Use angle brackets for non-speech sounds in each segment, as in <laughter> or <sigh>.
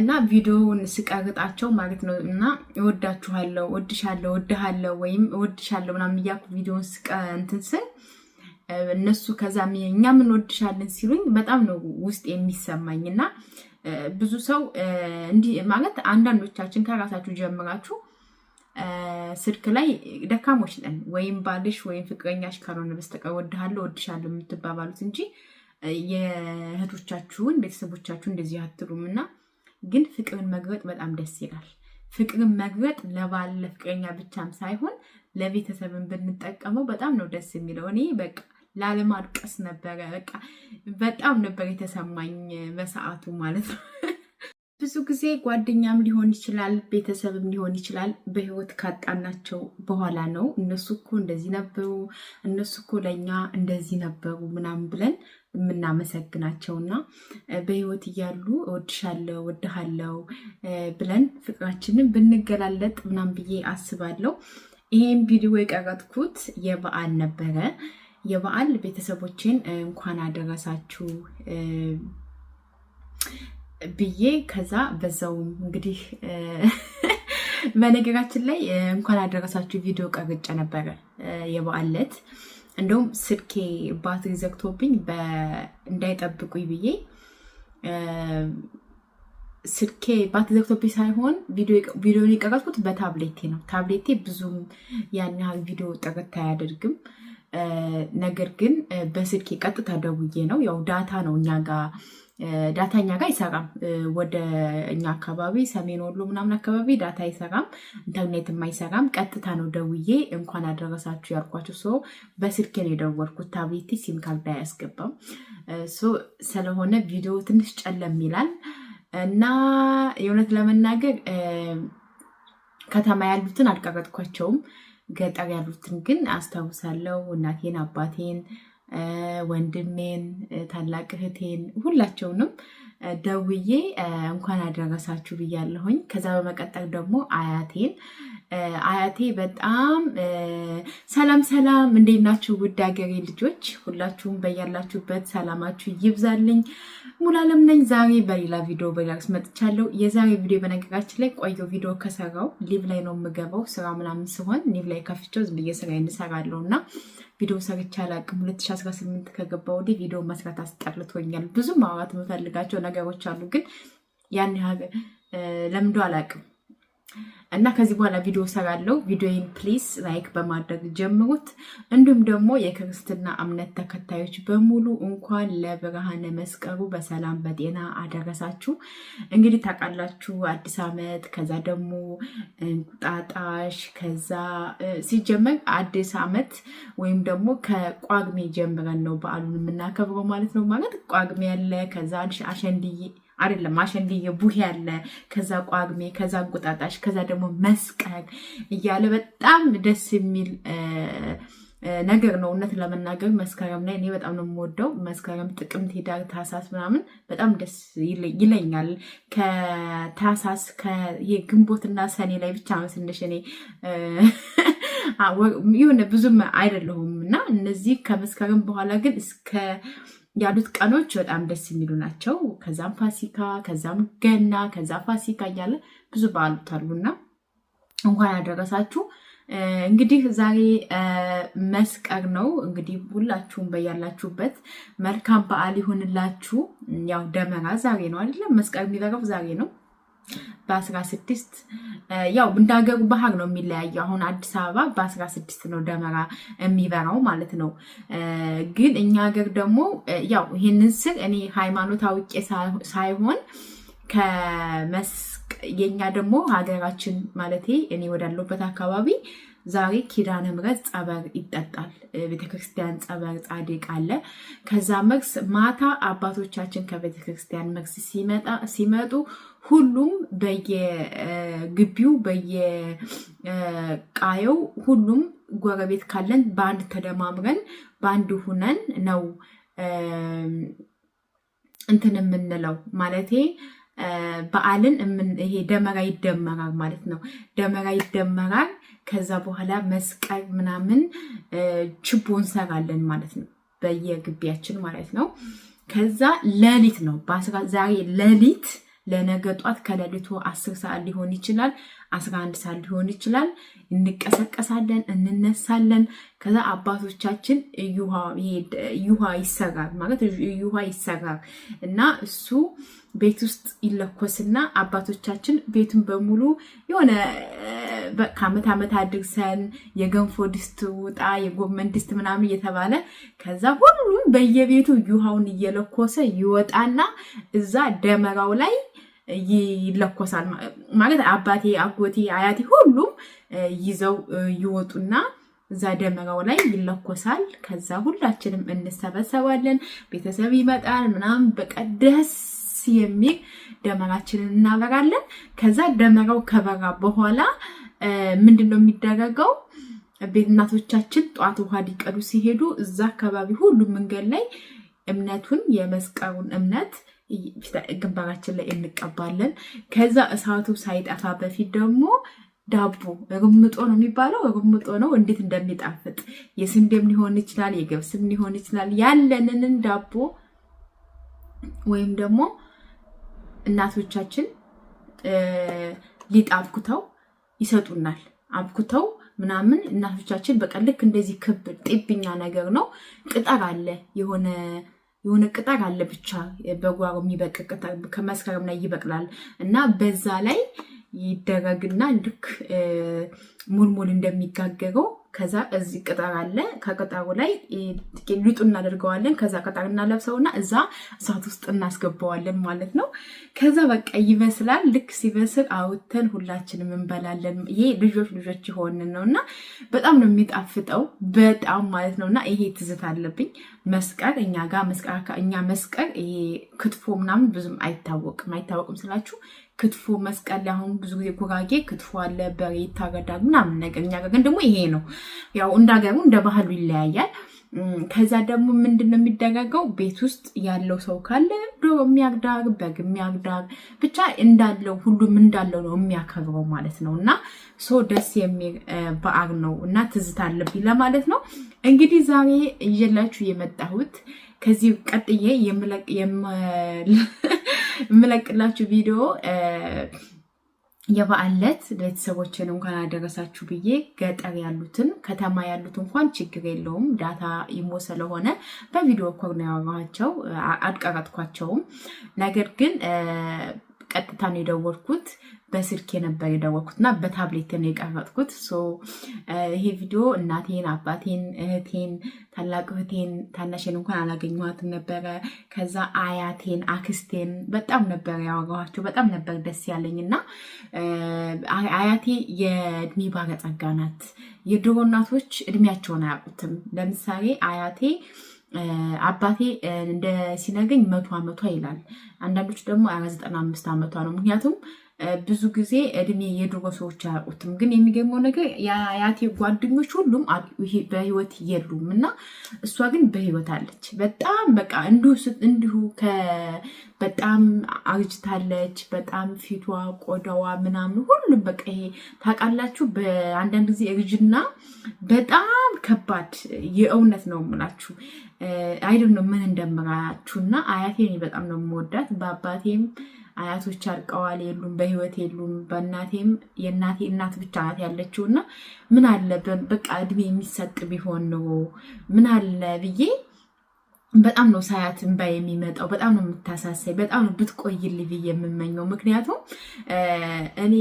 እና ቪዲዮውን ስቀርጣቸው ማለት ነው እና እወዳችኋለሁ፣ እወድሻለሁ፣ እወድሃለሁ ወይም እወድሻለሁ ምናምን እያልኩ ቪዲዮውን ስቀ እንትን ስል እነሱ ከዛ እኛ ምን ወድሻለን ሲሉኝ በጣም ነው ውስጥ የሚሰማኝ እና ብዙ ሰው እንዲህ ማለት አንዳንዶቻችን ከራሳችሁ ጀምራችሁ ስልክ ላይ ደካሞች ነን። ወይም ባልሽ ወይም ፍቅረኛሽ ካልሆነ በስተቀር ወድሃለሁ ወድሻለሁ የምትባባሉት እንጂ የእህቶቻችሁን ቤተሰቦቻችሁ እንደዚህ አትሉም እና ግን ፍቅርን መግበጥ በጣም ደስ ይላል። ፍቅርን መግበጥ ለባል ለፍቅረኛ ብቻም ሳይሆን ለቤተሰብን ብንጠቀመው በጣም ነው ደስ የሚለው። እኔ በቃ ላለማድቀስ ነበረ በቃ በጣም ነበር የተሰማኝ በሰዓቱ ማለት ነው። ብዙ ጊዜ ጓደኛም ሊሆን ይችላል፣ ቤተሰብም ሊሆን ይችላል። በህይወት ካጣናቸው በኋላ ነው እነሱ እኮ እንደዚህ ነበሩ፣ እነሱ እኮ ለእኛ እንደዚህ ነበሩ ምናምን ብለን የምናመሰግናቸው እና በህይወት እያሉ እወድሻለሁ እወድሃለሁ ብለን ፍቅራችንን ብንገላለጥ ምናምን ብዬ አስባለሁ። ይሄን ቪዲዮ የቀረጥኩት የበዓል ነበረ። የበዓል ቤተሰቦችን እንኳን አደረሳችሁ ብዬ ከዛ በዛው እንግዲህ <laughs> በነገራችን ላይ እንኳን አደረሳችሁ ቪዲዮ ቀርጬ ነበረ የበዓል ዕለት። እንደውም ስልኬ ባትሪ ዘግቶብኝ እንዳይጠብቁኝ ብዬ ስልኬ ባትሪ ዘግቶብኝ ሳይሆን ቪዲዮን የቀረጽኩት በታብሌቴ ነው። ታብሌቴ ብዙም ያን ያህል ቪዲዮ ጥርት አያደርግም። ነገር ግን በስልኬ ቀጥታ ደውዬ ነው ያው ዳታ ነው እኛ ጋር ዳታኛ ጋር አይሰራም። ወደ እኛ አካባቢ ሰሜን ወሎ ምናምን አካባቢ ዳታ አይሰራም፣ ኢንተርኔትም አይሰራም። ቀጥታ ነው ደውዬ እንኳን አደረሳችሁ ያልኳቸው ሰው በስልኬ ነው የደወልኩት። ታብሌት ሲም ካርድ አያስገባም ስለሆነ ቪዲዮ ትንሽ ጨለም ይላል እና የእውነት ለመናገር ከተማ ያሉትን አልቀረጥኳቸውም። ገጠር ያሉትን ግን አስታውሳለሁ እናቴን አባቴን ወንድሜን፣ ታላቅ እህቴን ሁላቸውንም ደውዬ እንኳን አደረሳችሁ ብያለሁኝ። ከዛ በመቀጠል ደግሞ አያቴን አያቴ በጣም ሰላም ሰላም፣ እንዴት ናችሁ ውድ ልጆች? ሁላችሁም በያላችሁበት ሰላማችሁ ይብዛልኝ። ሙላለም ነኝ። ዛሬ በሌላ ቪዲዮ በሪላክስ መጥቻለሁ። የዛሬ ቪዲዮ በነገራችን ላይ ቆየው ቪዲዮ ከሰራው ሊቭ ላይ ነው የምገባው። ስራ ምናምን ሲሆን ሊቭ ላይ ከፍቼው ዝም ብዬ ስራ እንሰራለሁ እና ቪዲዮ ሰርቼ አላውቅም። 2018 ከገባ ወዲህ ቪዲዮ መስራት አስጠልቶኛል። ብዙ ማውራት የምፈልጋቸው ነገሮች አሉ፣ ግን ያን ለምዶ አላውቅም እና ከዚህ በኋላ ቪዲዮ ሰራለው። ቪዲዮን ፕሊስ ላይክ በማድረግ ጀምሩት። እንዲሁም ደግሞ የክርስትና እምነት ተከታዮች በሙሉ እንኳን ለብርሃነ መስቀሉ በሰላም በጤና አደረሳችሁ። እንግዲህ ታውቃላችሁ አዲስ ዓመት፣ ከዛ ደግሞ እንቁጣጣሽ፣ ከዛ ሲጀመር አዲስ ዓመት ወይም ደግሞ ከቋግሜ ጀምረን ነው በዓሉን የምናከብረው ማለት ነው። ማለት ቋግሜ ያለ ከዛ አሸንድዬ አይደለም አሸንድዬ ቡሄ ያለ ከዛ ቋግሜ ከዛ አቆጣጣሽ ከዛ ደግሞ መስቀል እያለ በጣም ደስ የሚል ነገር ነው። እውነት ለመናገር መስከረም ላይ እኔ በጣም ነው የምወደው። መስከረም፣ ጥቅምት፣ ሄዳር፣ ታህሳስ ምናምን በጣም ደስ ይለኛል። ከታህሳስ ግንቦትና ሰኔ ላይ ብቻ መስንሽ እኔ የሆነ ብዙም አይደለሁም እና እነዚህ ከመስከረም በኋላ ግን እስከ ያሉት ቀኖች በጣም ደስ የሚሉ ናቸው። ከዛም ፋሲካ፣ ከዛም ገና፣ ከዛ ፋሲካ እያለ ብዙ በዓሎች አሉና እንኳን ያደረሳችሁ። እንግዲህ ዛሬ መስቀል ነው። እንግዲህ ሁላችሁም በያላችሁበት መልካም በዓል ይሁንላችሁ። ያው ደመራ ዛሬ ነው አይደለም? መስቀል የሚረገፍ ዛሬ ነው። በ16 ያው እንዳገሩ ባህር ነው የሚለያየው። አሁን አዲስ አበባ በ16 ነው ደመራ የሚበራው ማለት ነው። ግን እኛ ሀገር ደግሞ ያው ይህንን ስል እኔ ሃይማኖት አውቄ ሳይሆን ከመስቅ የኛ ደግሞ ሀገራችን ማለት እኔ ወዳለሁበት አካባቢ ዛሬ ኪዳነ ምሕረት ጸበር ይጠጣል። ቤተክርስቲያን ጸበር ጻድቅ አለ። ከዛ መርስ ማታ አባቶቻችን ከቤተክርስቲያን መርስ ሲመጡ ሁሉም በየግቢው በየቃየው ሁሉም ጎረቤት ካለን በአንድ ተደማምረን በአንድ ሁነን ነው እንትን የምንለው ማለቴ በዓልን ይሄ ደመራ ይደመራል ማለት ነው። ደመራ ይደመራል። ከዛ በኋላ መስቀል ምናምን ችቦ እንሰራለን ማለት ነው፣ በየግቢያችን ማለት ነው። ከዛ ሌሊት ነው ዛሬ ሌሊት ለነገ ጧት ከሌሊቱ አስር ሰዓት ሊሆን ይችላል፣ አስራ አንድ ሰዓት ሊሆን ይችላል። እንቀሰቀሳለን፣ እንነሳለን። ከዛ አባቶቻችን እዩሃ ይሰራል ማለት እዩሃ ይሰራል እና እሱ ቤት ውስጥ ይለኮስና አባቶቻችን ቤቱን በሙሉ የሆነ ከአመት ዓመት አድርሰን የገንፎ ድስት ውጣ የጎመን ድስት ምናምን እየተባለ ከዛ ሁሉም በየቤቱ ዩሃውን እየለኮሰ ይወጣና እዛ ደመራው ላይ ይለኮሳል ማለት አባቴ፣ አጎቴ፣ አያቴ ሁሉም ይዘው ይወጡና እዛ ደመራው ላይ ይለኮሳል። ከዛ ሁላችንም እንሰበሰባለን። ቤተሰብ ይመጣል ምናምን በቃ ደስ የሚል ደመራችንን እናበራለን። ከዛ ደመራው ከበራ በኋላ ምንድን ነው የሚደረገው? እናቶቻችን ጧት ውሃ ሊቀዱ ሲሄዱ እዛ አካባቢ ሁሉ መንገድ ላይ እምነቱን የመስቀሩን እምነት ግንባራችን ላይ እንቀባለን። ከዛ እሳቱ ሳይጠፋ በፊት ደግሞ ዳቦ ርምጦ ነው የሚባለው። ርምጦ ነው እንዴት እንደሚጣፍጥ የስንዴም ሊሆን ይችላል፣ የገብስም ሊሆን ይችላል። ያለንንን ዳቦ ወይም ደግሞ እናቶቻችን ሊጥ አብኩተው ይሰጡናል። አብኩተው ምናምን እናቶቻችን በቃ ልክ እንደዚህ ክብ ጤብኛ ነገር ነው ቅጠር አለ የሆነ የሆነ ቅጠል አለ ብቻ በጓሮ የሚበቅ ቅጠል ከመስከረም ላይ ይበቅላል እና በዛ ላይ ይደረግና ልክ ሙልሙል እንደሚጋገረው ከዛ እዚህ ቅጠር አለ። ከቅጠሩ ላይ ሊጡ እናደርገዋለን። ከዛ ቅጠር እናለብሰውና እዛ እሳት ውስጥ እናስገባዋለን ማለት ነው። ከዛ በቃ ይበስላል። ልክ ሲበስል አውተን ሁላችንም እንበላለን። ይሄ ልጆች ልጆች የሆንን ነው እና በጣም ነው የሚጣፍጠው፣ በጣም ማለት ነው። እና ይሄ ትዝት አለብኝ። መስቀል እኛ ጋር መስቀል እኛ መስቀል ይሄ ክትፎ ምናምን ብዙም አይታወቅም። አይታወቅም ስላችሁ ክትፎ መስቀል ላይ አሁን ብዙ ጊዜ ጉራጌ ክትፎ አለ፣ በሬ ይታረዳል ምናምን ነገር። እኛ ጋር ግን ደግሞ ይሄ ነው ያው እንደ ሀገሩ እንደ ባህሉ ይለያያል። ከዛ ደግሞ ምንድን ነው የሚደረገው? ቤት ውስጥ ያለው ሰው ካለ ዶሮ የሚያግዳር በግ የሚያግዳር ብቻ እንዳለው ሁሉም እንዳለው ነው የሚያከብረው ማለት ነው። እና ሶ ደስ የሚል በዓል ነው እና ትዝታ አለብኝ ለማለት ነው። እንግዲህ ዛሬ እየላችሁ የመጣሁት ከዚህ ቀጥዬ የምለቅ የምለቅላችሁ ቪዲዮ የበዓል ዕለት ቤተሰቦችን እንኳን አደረሳችሁ ብዬ ገጠር ያሉትን ከተማ ያሉት እንኳን ችግር የለውም ዳታ ይሞ ስለሆነ በቪዲዮ ኮር ነው ያወራኋቸው፣ አልቀረጥኳቸውም። ነገር ግን ቀጥታ ነው የደወልኩት። በስልክ ነበር የደወቅኩት እና በታብሌት ነው የቀረጥኩት። ይሄ ቪዲዮ እናቴን፣ አባቴን፣ እህቴን፣ ታላቅ እህቴን፣ ታናሽን እንኳን አላገኘኋትም ነበረ። ከዛ አያቴን፣ አክስቴን በጣም ነበር ያወራኋቸው። በጣም ነበር ደስ ያለኝ እና አያቴ የእድሜ ባለጸጋ ናት። የድሮ እናቶች እድሜያቸውን አያውቁትም። ለምሳሌ አያቴ አባቴ እንደ ሲነግረኝ መቶ ዓመቷ ይላል። አንዳንዶች ደግሞ ዘጠና አምስት ዓመቷ ነው ምክንያቱም ብዙ ጊዜ እድሜ የድሮ ሰዎች አያውቁትም። ግን የሚገርመው ነገር የአያቴ ጓደኞች ሁሉም በህይወት የሉም እና እሷ ግን በህይወት አለች። በጣም በቃ እንዲሁ በጣም አርጅታለች። በጣም ፊቷ፣ ቆዳዋ ምናምን ሁሉም በቃ ይሄ ታውቃላችሁ፣ በአንዳንድ ጊዜ እርጅና በጣም ከባድ የእውነት ነው የምላችሁ አይደል ነው ምን እንደምራችሁ እና አያቴ በጣም ነው የምወዳት በአባቴም አያቶች አርቀዋል፣ የሉም በህይወት የሉም። በእናቴም የእናቴ እናት ብቻ ናት ያለችው እና ምን አለ በቃ እድሜ የሚሰጥ ቢሆን ነው ምን አለ ብዬ በጣም ነው ሳያት እንባ የሚመጣው። በጣም ነው የምታሳሳይ፣ በጣም ነው ብትቆይልኝ ብዬ የምመኘው። ምክንያቱም እኔ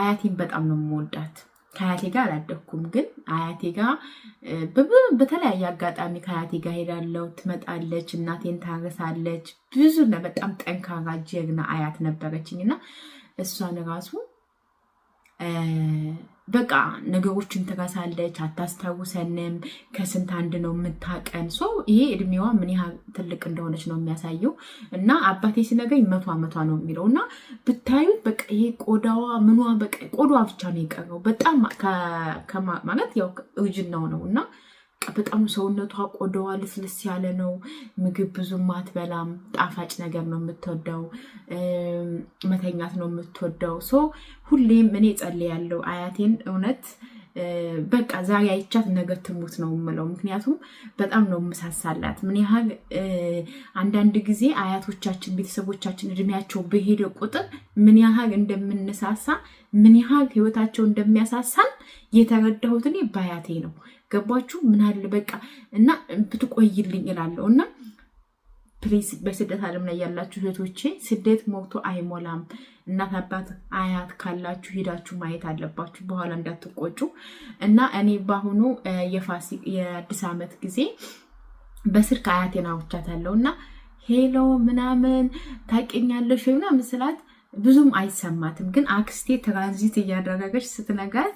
አያቴን በጣም ነው የምወዳት ከአያቴ ጋር አላደግኩም ግን አያቴ ጋር በተለያየ አጋጣሚ ከአያቴ ጋር ሄዳለው። ትመጣለች፣ እናቴን ታረሳለች። ብዙና በጣም ጠንካራ ጀግና አያት ነበረችኝ እና እሷን ራሱ በቃ ነገሮችን ትረሳለች፣ አታስታውሰንም። ከስንት አንድ ነው የምታቀን ሰው። ይሄ እድሜዋ ምን ያህል ትልቅ እንደሆነች ነው የሚያሳየው። እና አባቴ ሲነገኝ መቶ ዓመቷ ነው የሚለው እና ብታዩት በቃ ይሄ ቆዳዋ ምኗ በቃ ቆዳዋ ብቻ ነው የቀረው። በጣም ማለት ያው እርጅናው ነው እና በጣም ሰውነቷ ቆዳዋ ልስልስ ያለ ነው። ምግብ ብዙም አትበላም። ጣፋጭ ነገር ነው የምትወደው። መተኛት ነው የምትወደው። ሰው ሁሌም እኔ ጸልያለሁ አያቴን እውነት በቃ ዛሬ አይቻት ነገር ትሙት ነው የምለው። ምክንያቱም በጣም ነው የምሳሳላት። ምን ያህል አንዳንድ ጊዜ አያቶቻችን፣ ቤተሰቦቻችን እድሜያቸው በሄደ ቁጥር ምን ያህል እንደምንሳሳ፣ ምን ያህል ህይወታቸው እንደሚያሳሳን የተረዳሁት እኔ በአያቴ ነው። ገባችሁ? ምን አለ በቃ እና ብትቆይልኝ እላለሁ እና ፕሊዝ በስደት ዓለም ላይ ያላችሁ እህቶቼ ስደት ሞቶ አይሞላም። እናት አባት አያት ካላችሁ ሄዳችሁ ማየት አለባችሁ፣ በኋላ እንዳትቆጩ እና እኔ በአሁኑ የአዲስ ዓመት ጊዜ በስልክ አያቴን አውርቻታለሁ እና ሄሎ ምናምን ታውቂኛለሽ ምናምን ስላት ብዙም አይሰማትም። ግን አክስቴ ትራንዚት እያደረገች ስትነጋት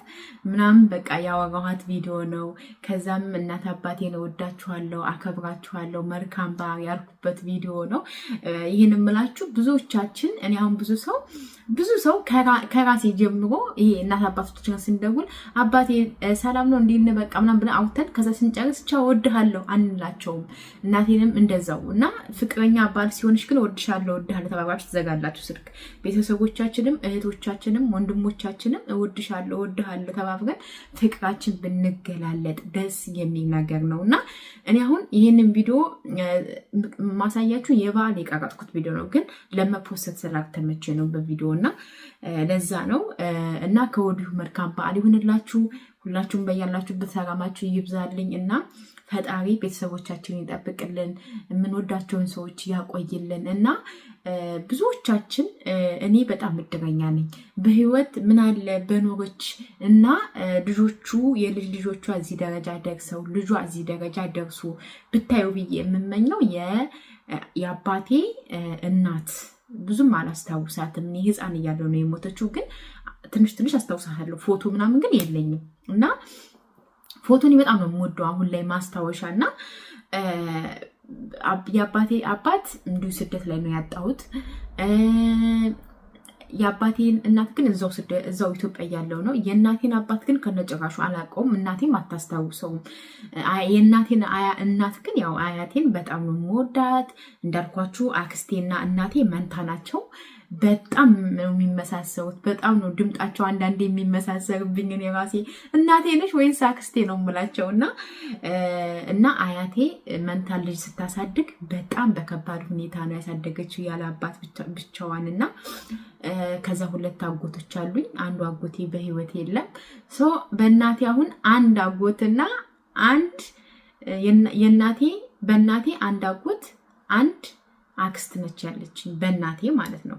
ምናምን በቃ ያወራኋት ቪዲዮ ነው። ከዛም እናት አባቴን እወዳችኋለሁ፣ አከብራችኋለሁ መልካም ባህር ያልኩበት ቪዲዮ ነው። ይህን የምላችሁ ብዙዎቻችን እኔ አሁን ብዙ ሰው ብዙ ሰው ከራሴ ጀምሮ ይሄ እናት አባቶች ጋር ስንደውል አባቴ ሰላም ነው እንዲህ በቃ ምናምን ብለን አውተን ከዛ ስንጨርስ ቻ ወድሃለሁ አንላቸውም። እናቴንም እንደዛው እና ፍቅረኛ አባል ሲሆንሽ ግን እወድሻለሁ እወድሃለሁ ተባባች ትዘጋላችሁ ስልክ። ቤተሰቦቻችንም እህቶቻችንም ወንድሞቻችንም እወድሻለሁ እወድሃለሁ ተባብረን ፍቅራችን ብንገላለጥ ደስ የሚል ነገር ነው እና እኔ አሁን ይህንን ቪዲዮ ማሳያችሁ የበዓል የቀረጥኩት ቪዲዮ ነው፣ ግን ለመፖሰት ስላልተመቼ ነው በቪዲዮ እና ለዛ ነው እና ከወዲሁ መልካም በዓል ይሁንላችሁ። ሁላችሁም በያላችሁበት ሰላማችሁ ይብዛልኝ እና ፈጣሪ ቤተሰቦቻችንን ይጠብቅልን፣ የምንወዳቸውን ሰዎች ያቆይልን እና ብዙዎቻችን እኔ በጣም እድለኛ ነኝ በህይወት ምን አለ በኖሮች እና ልጆቹ የልጅ ልጆቿ እዚህ ደረጃ ደርሰው ልጇ እዚህ ደረጃ ደርሶ ብታዩ ብዬ የምመኘው የአባቴ እናት ብዙም አላስታውሳትም። እኔ ህፃን እያለው ነው የሞተችው፣ ግን ትንሽ ትንሽ አስታውሳታለሁ። ፎቶ ምናምን ግን የለኝም እና ፎቶን በጣም ነው የምወደው አሁን ላይ ማስታወሻ እና የአባቴ አባት እንዲሁ ስደት ላይ ነው ያጣሁት። የአባቴን እናት ግን እዛው ኢትዮጵያ ያለው ነው። የእናቴን አባት ግን ከነጭራሹ አላውቀውም። እናቴም አታስታውሰውም። የእናቴን እናት ግን ያው አያቴን በጣም ነው የምወዳት። እንዳልኳችሁ አክስቴና እናቴ መንታ ናቸው። በጣም ነው የሚመሳሰቡት። በጣም ነው ድምጣቸው አንዳንዴ የሚመሳሰልብኝን የራሴ እናቴ ነሽ ወይስ ሳክስቴ ነው የምላቸው እና እና አያቴ መንታ ልጅ ስታሳድግ በጣም በከባድ ሁኔታ ነው ያሳደገችው ያለ አባት ብቻዋን እና ከዛ ሁለት አጎቶች አሉኝ። አንዱ አጎቴ በህይወት የለም። ሶ በእናቴ አሁን አንድ አጎትና አንድ የእናቴ በእናቴ አንድ አጎት አንድ አክስት ነች ያለችኝ በእናቴ ማለት ነው።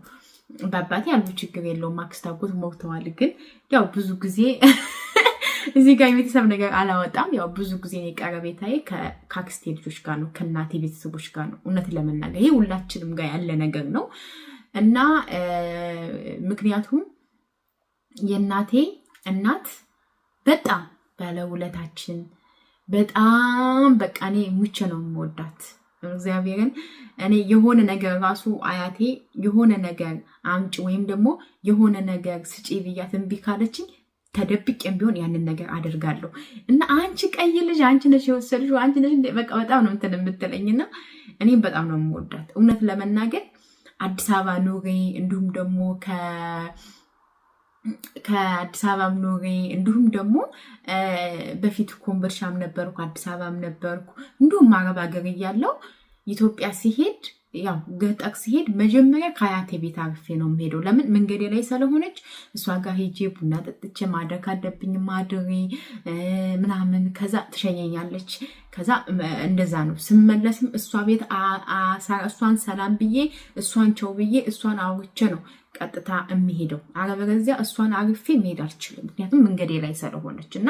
በአባቴ ያሉ ችግር የለውም አክስት አጎት ሞተዋል። ግን ያው ብዙ ጊዜ <laughs> እዚህ ጋር የቤተሰብ ነገር አላወጣም። ያው ብዙ ጊዜ የቀረቤታዬ ከአክስቴ ልጆች ጋር ነው፣ ከእናቴ ቤተሰቦች ጋር ነው። እውነት ለመናገር ይሄ ሁላችንም ጋር ያለ ነገር ነው እና ምክንያቱም የእናቴ እናት በጣም ባለውለታችን በጣም በቃ እኔ ሙቼ ነው የምወዳት እግዚአብሔርን እኔ የሆነ ነገር ራሱ አያቴ የሆነ ነገር አምጭ ወይም ደግሞ የሆነ ነገር ስጪ ብያት እምቢ ካለችኝ ተደብቄም ቢሆን ያንን ነገር አደርጋለሁ እና አንቺ ቀይ ልጅ አንቺ ነሽ የወሰድሽው አንቺ ነሽ በቃ በጣም ነው እንትን እና እኔም በጣም ነው የምወዳት እውነት ለመናገር አዲስ አበባ ኑሬ እንዲሁም ደግሞ ከአዲስ አበባም ኖሪ እንዲሁም ደግሞ በፊት ኮምቦልቻም ነበርኩ፣ አዲስ አበባም ነበርኩ። እንዲሁም አረብ ሀገር እያለው ኢትዮጵያ ሲሄድ ያው ገጠቅ ሲሄድ መጀመሪያ ከአያቴ ቤት አርፌ ነው የምሄደው። ለምን መንገዴ ላይ ስለሆነች እሷ ጋር ሄጄ ቡና ጠጥቼ ማደር ካለብኝ ማድሬ ምናምን፣ ከዛ ትሸኘኛለች። ከዛ እንደዛ ነው ስመለስም እሷ ቤት እሷን ሰላም ብዬ እሷን ቸው ብዬ እሷን አውርቼ ነው ቀጥታ የሚሄደው። አለበለዚያ እሷን አርፌ መሄድ አልችልም፣ ምክንያቱም መንገዴ ላይ ስለሆነች እና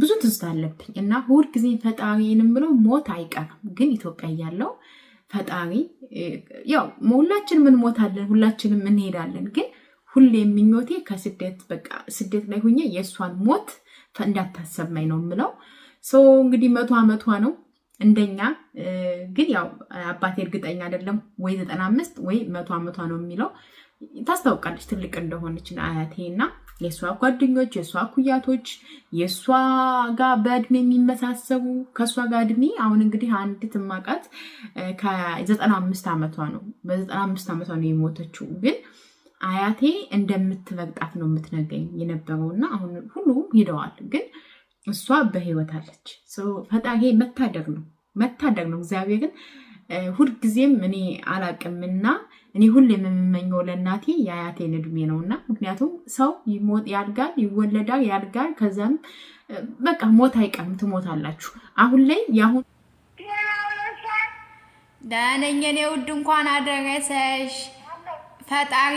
ብዙ ትዝታ አለብኝ እና ሁል ጊዜ ፈጣሪንም ብለው ሞት አይቀርም ግን ኢትዮጵያ እያለው ፈጣሪ ያው ሁላችንም እንሞታለን፣ ሁላችንም እንሄዳለን። ግን ሁሌ የምኞቴ ከስደት በቃ ስደት ላይ ሁኜ የእሷን ሞት እንዳታሰማኝ ነው የምለው። ሰው እንግዲህ መቶ ዓመቷ ነው እንደኛ ግን ያው አባቴ እርግጠኛ አይደለም ወይ ዘጠና አምስት ወይ መቶ ዓመቷ ነው የሚለው። ታስታውቃለች ትልቅ እንደሆነችን አያቴ እና የእሷ ጓደኞች፣ የእሷ ኩያቶች፣ የእሷ ጋር በእድሜ የሚመሳሰቡ ከእሷ ጋር እድሜ አሁን እንግዲህ አንድ ትማቃት ከዘጠና አምስት ዓመቷ ነው በዘጠና አምስት ዓመቷ ነው የሞተችው ግን አያቴ እንደምትበቅጣት ነው የምትነገኝ እና አሁን ሁሉም ሄደዋል። ግን እሷ በህይወት አለች። ፈጣሪ መታደግ ነው መታደግ ነው እግዚአብሔርን ሁልጊዜም እኔ አላቅምና እኔ ሁሌም የምመኘው ለእናቴ የአያቴን እድሜ ነው እና ምክንያቱም ሰው ያድጋል፣ ይወለዳል፣ ያድጋል። ከዚም በቃ ሞት አይቀርም፣ ትሞታላችሁ። አሁን ላይ የአሁን ደህና ነኝ እኔ ውድ እንኳን አደረሰሽ ፈጣሪ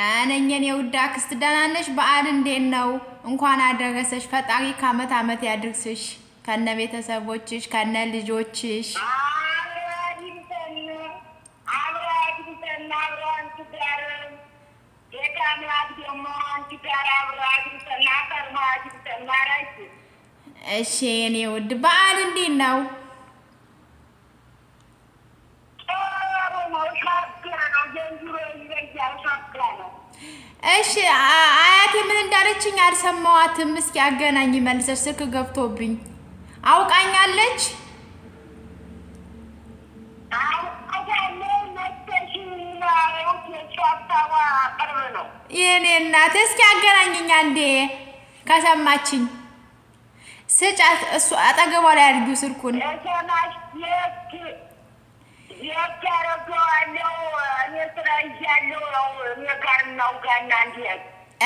ዳነኝን የውዳ ክስት ደህና ነሽ? በዓል እንዴት ነው? እንኳን አደረሰሽ። ፈጣሪ ከአመት አመት ያድርስሽ ከነ ቤተሰቦችሽ ከነ ልጆችሽ። እሺ የኔ ውድ በዓል እንዴት ነው? እሺ አያቴ ምን እንዳለችኝ አልሰማዋትም። እስኪ አገናኝ መልሰች። ስልክ ገብቶብኝ አውቃኛለች። የኔ እናት እስኪ አገናኝኝ አንዴ ከሰማችኝ ስጫት። እሱ አጠገቧ ላይ አድርጊው ስልኩን የት አደርገዋለሁ?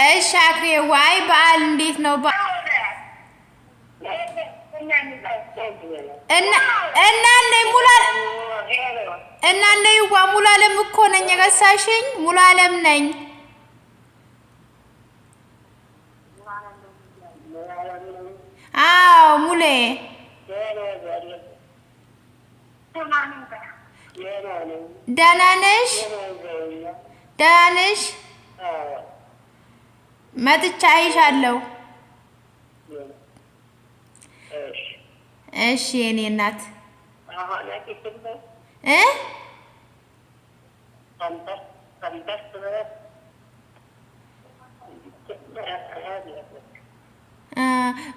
እሺ አክሬ ዋይ በዓል እንዴት ነው? እና እነ ይዋ ሙሉ አለም እኮ ነኝ የረሳሽኝ? ሙሉ አለም ነኝ። አዎ ሙሌ ደህና ነሽ? ደህና ነሽ? መጥቻ አይሻለሁ። እሺ የኔ እናት እ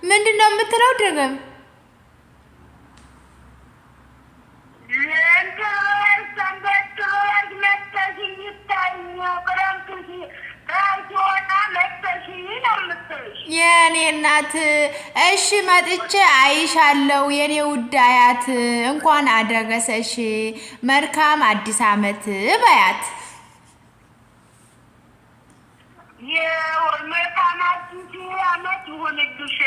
ምንድን ነው የምትለው? ድርግም የኔ እናት እሺ፣ መጥቼ አይሻለው። የኔ ውዳያት እንኳን አደረሰሽ፣ መልካም አዲስ አመት በያት። መልካም አዲስ አመት ይሁንልሽ።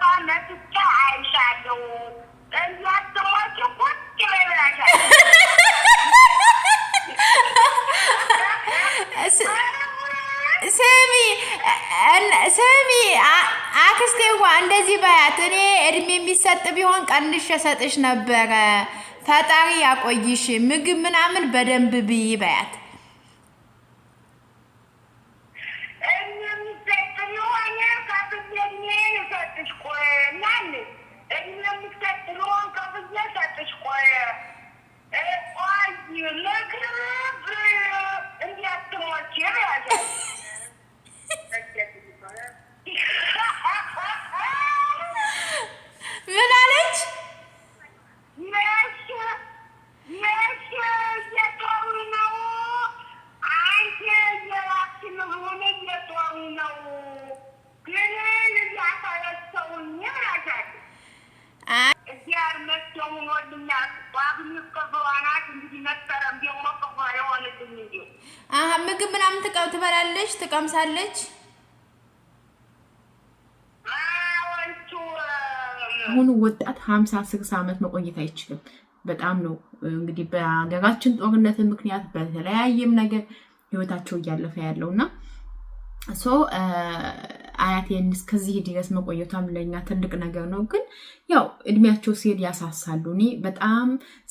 ሲወጣ መጥቼ አይሻለው። ስሚ ስሚ አክስቴዋ እንደዚህ በያት። እኔ እድሜ የሚሰጥ ቢሆን ቀንሽ ነበረ። ፈጣሪ ያቆይሽ። ምግብ ምናምን በደንብ ብይ በያት። አሁን ወጣት ሀምሳ ስልሳ ዓመት መቆየት አይችልም። በጣም ነው እንግዲህ በሀገራችን ጦርነት ምክንያት በተለያየም ነገር ህይወታቸው እያለፈ ያለው እና ሶ አያቴን እስከዚህ ድረስ መቆየቷም ለኛ ትልቅ ነገር ነው። ግን ያው እድሜያቸው ሲሄድ ያሳሳሉ። እኔ በጣም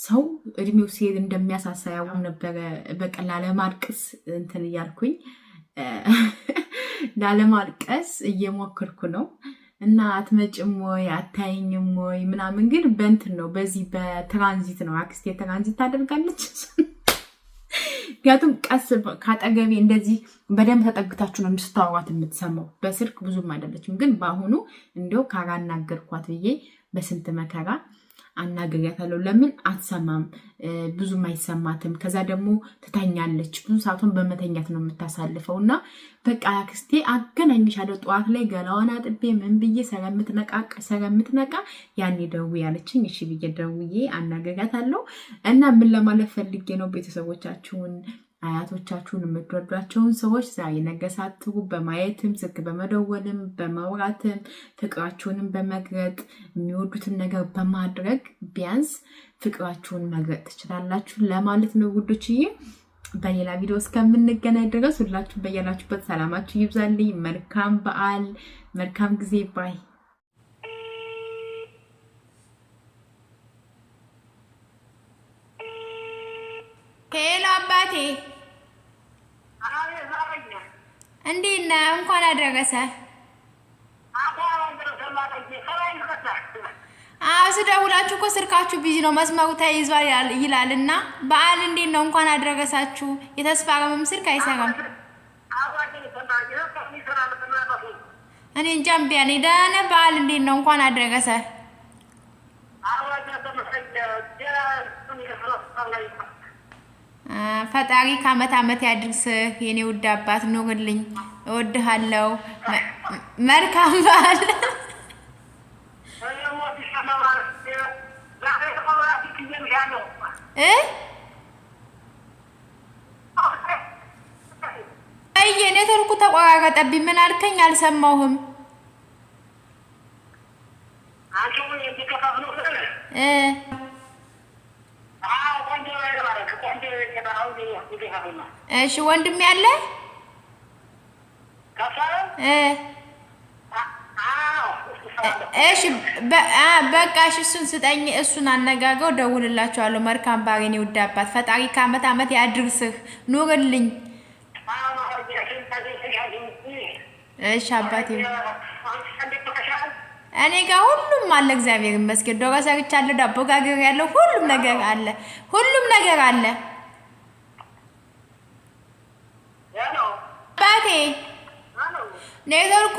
ሰው እድሜው ሲሄድ እንደሚያሳሳ ያው ነበረ በቀን ላለማልቀስ እንትን እያልኩኝ ላለማልቀስ እየሞክርኩ ነው። እና አትመጭም ወይ አታይኝም ወይ ምናምን ግን በእንትን ነው በዚህ በትራንዚት ነው አክስቴ ትራንዚት ታደርጋለች። ምክንያቱም ቀስ ካጠገቤ እንደዚህ በደንብ ተጠግታችሁ ነው ስታወራት የምትሰማው። በስልክ ብዙም አይደለችም፣ ግን በአሁኑ እንዲያው ካላናገርኳት ብዬ በስንት መከራ አናግሪያታለሁ። ለምን አትሰማም? ብዙም አይሰማትም። ከዛ ደግሞ ትተኛለች። ብዙ ሰዓቱን በመተኛት ነው የምታሳልፈው። እና በቃ አክስቴ አገናኝሻለሁ ጠዋት ላይ ገላዋን አጥቤ ምን ብዬ ስለምትነቃ ያኔ ደውዪ አለችኝ። እሺ ብዬ ደውዬ አናግሪያታለሁ። እና ምን ለማለት ፈልጌ ነው ቤተሰቦቻችሁን አያቶቻችሁን የምትወዷቸውን ሰዎች ዛሬ ነገ ሳትሉ በማየትም ስልክ በመደወልም በመውራትም ፍቅራችሁንም በመግረጥ የሚወዱትን ነገር በማድረግ ቢያንስ ፍቅራችሁን መግረጥ ትችላላችሁ ለማለት ነው ውዶችዬ። በሌላ ቪዲዮ እስከምንገናኝ ድረስ ሁላችሁ በያላችሁበት ሰላማችሁ ይብዛልኝ። መልካም በዓል፣ መልካም ጊዜ። ባይ አባቴ እንዴት ነህ? እንኳን አደረሰ። አዎ ስደውላችሁ እኮ ስልካችሁ ቢዚ ነው መስመሩ ተይዟል ይላል እና በዓል እንዴት ነው? እንኳን አደረሳችሁ። የተስፋ ረምም ስልክ አይሰራም። እኔ እንጃ እምቢ አለኝ። ደህና ነህ? በዓል እንዴት ነው? እንኳን አደረሰ ፈጣሪ ከአመት አመት ያድርስህ የኔ ውድ አባት፣ ኑርልኝ፣ እወድሃለሁ። መልካም በዓል እየኔ ተርኩ ተቆራረጠብኝ። ምን አልከኝ? አልሰማሁም። እሺ ወንድም ያለ እሺ በቃ እሺ፣ እሱን ስጠኝ። እሱን አነጋገው ደውልላችኋለሁ። መርካም ባሪን ውዳባት ፈጣሪ ከአመት አመት ያድርስህ። ኑርልኝ። እሺ አባቴ፣ እኔ ጋር ሁሉም አለ። እግዚአብሔር ይመስገን። ዶሮ ሰርቻለሁ፣ ዳቦ ጋግሬያለሁ። ሁሉም ነገር አለ። ሁሉም ነገር አለ። ኔትወርኩ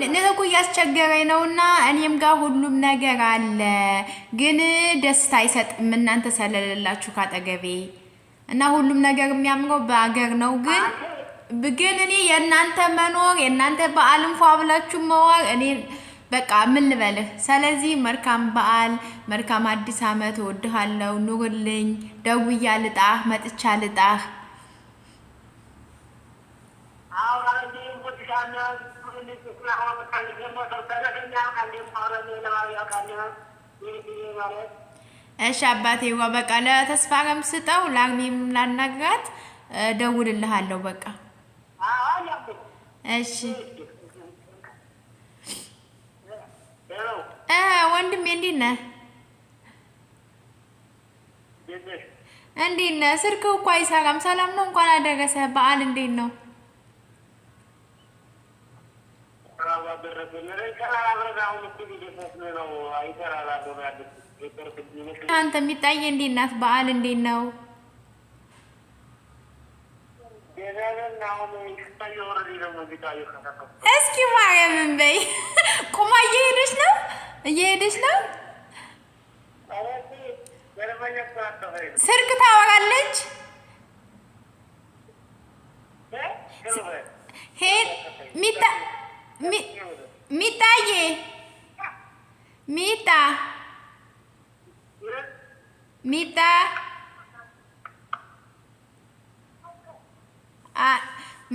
ኔትወርኩ እያስቸገረኝ ነው እና እኔም ጋር ሁሉም ነገር አለ፣ ግን ደስታ አይሰጥም እናንተ ስለሌላችሁ ካጠገቤ እና ሁሉም ነገር የሚያምረው በአገር ነው። ግን ግን እኔ የእናንተ መኖር የእናንተ በዓል እንኳ ብላችሁ መዋር እኔ በቃ ምን ልበልህ። ስለዚህ መልካም በዓል፣ መልካም አዲስ ዓመት። እወድሃለሁ፣ ኑርልኝ። ደውያ ልጣህ መጥቻ ልጣህ እሺ አባቴ ዋ በቃ ለተስፋ ከምስጠው ላግሜም ላናግራት እደውልልሃለሁ። በቃ እሺ ወንድሜ እንዴት ነህ? እንዴት ነህ? ስልክህ እኮ አይሰራም። ሰላም ነው? እንኳን አደረሰ በዓል። እንዴት ነው? አንተ የሚታየ እንዴት ናት? በዓል እንዴት ነው? እስኪ ማርያምን በይ። ቁማ እየሄደች ነው እየሄደች ነው። ስልክ ታወራለች። ሚጣዬ ሚጣ Mita.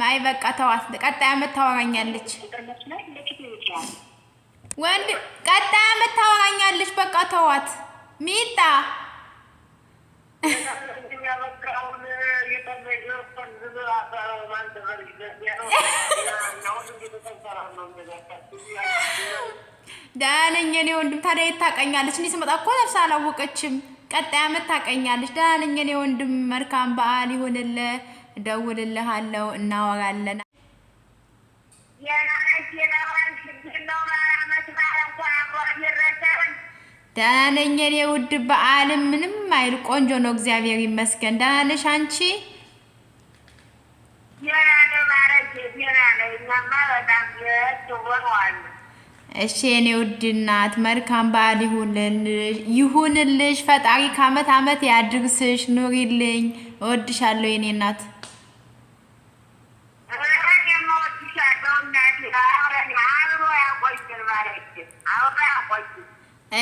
አይ በቃ ተዋት። ቀጣይ አመት ታወራኛለች። ወንድ ቀጣይ አመት ታወራኛለች። በቃ ተዋት ሚጣ። ደህና ነኝ እኔ ወንድም። ታዲያ የት ታውቀኛለች? እኔ ስመጣ እኮ ነፍስ አላወቀችም። ቀጣይ አመት ታቀኛለች። ደህና ነኝ እኔ ወንድም። መልካም በዓል ይሁንልህ። እደውልልሃለሁ፣ እናወራለን። ደህና ነኝ እኔ ውድ። በዓልም ምንም አይል ቆንጆ ነው፣ እግዚአብሔር ይመስገን። ደህና ነሽ አንቺ? ደህና ነኝ እሺ የኔ ውድ እናት መልካም በዓል ይሁንልሽ። ፈጣሪ ከአመት አመት ያድርስሽ። ኑሪልኝ። እወድሻለሁ የኔ እናት።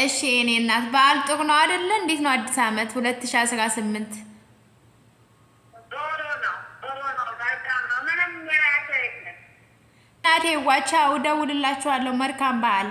እሺ የኔ እናት በዓል ጥሩ ነው አይደለ? እንዴት ነው አዲስ አመት 2018 እናቴ ዋቻ ደውልላችኋለሁ። መልካም በዓል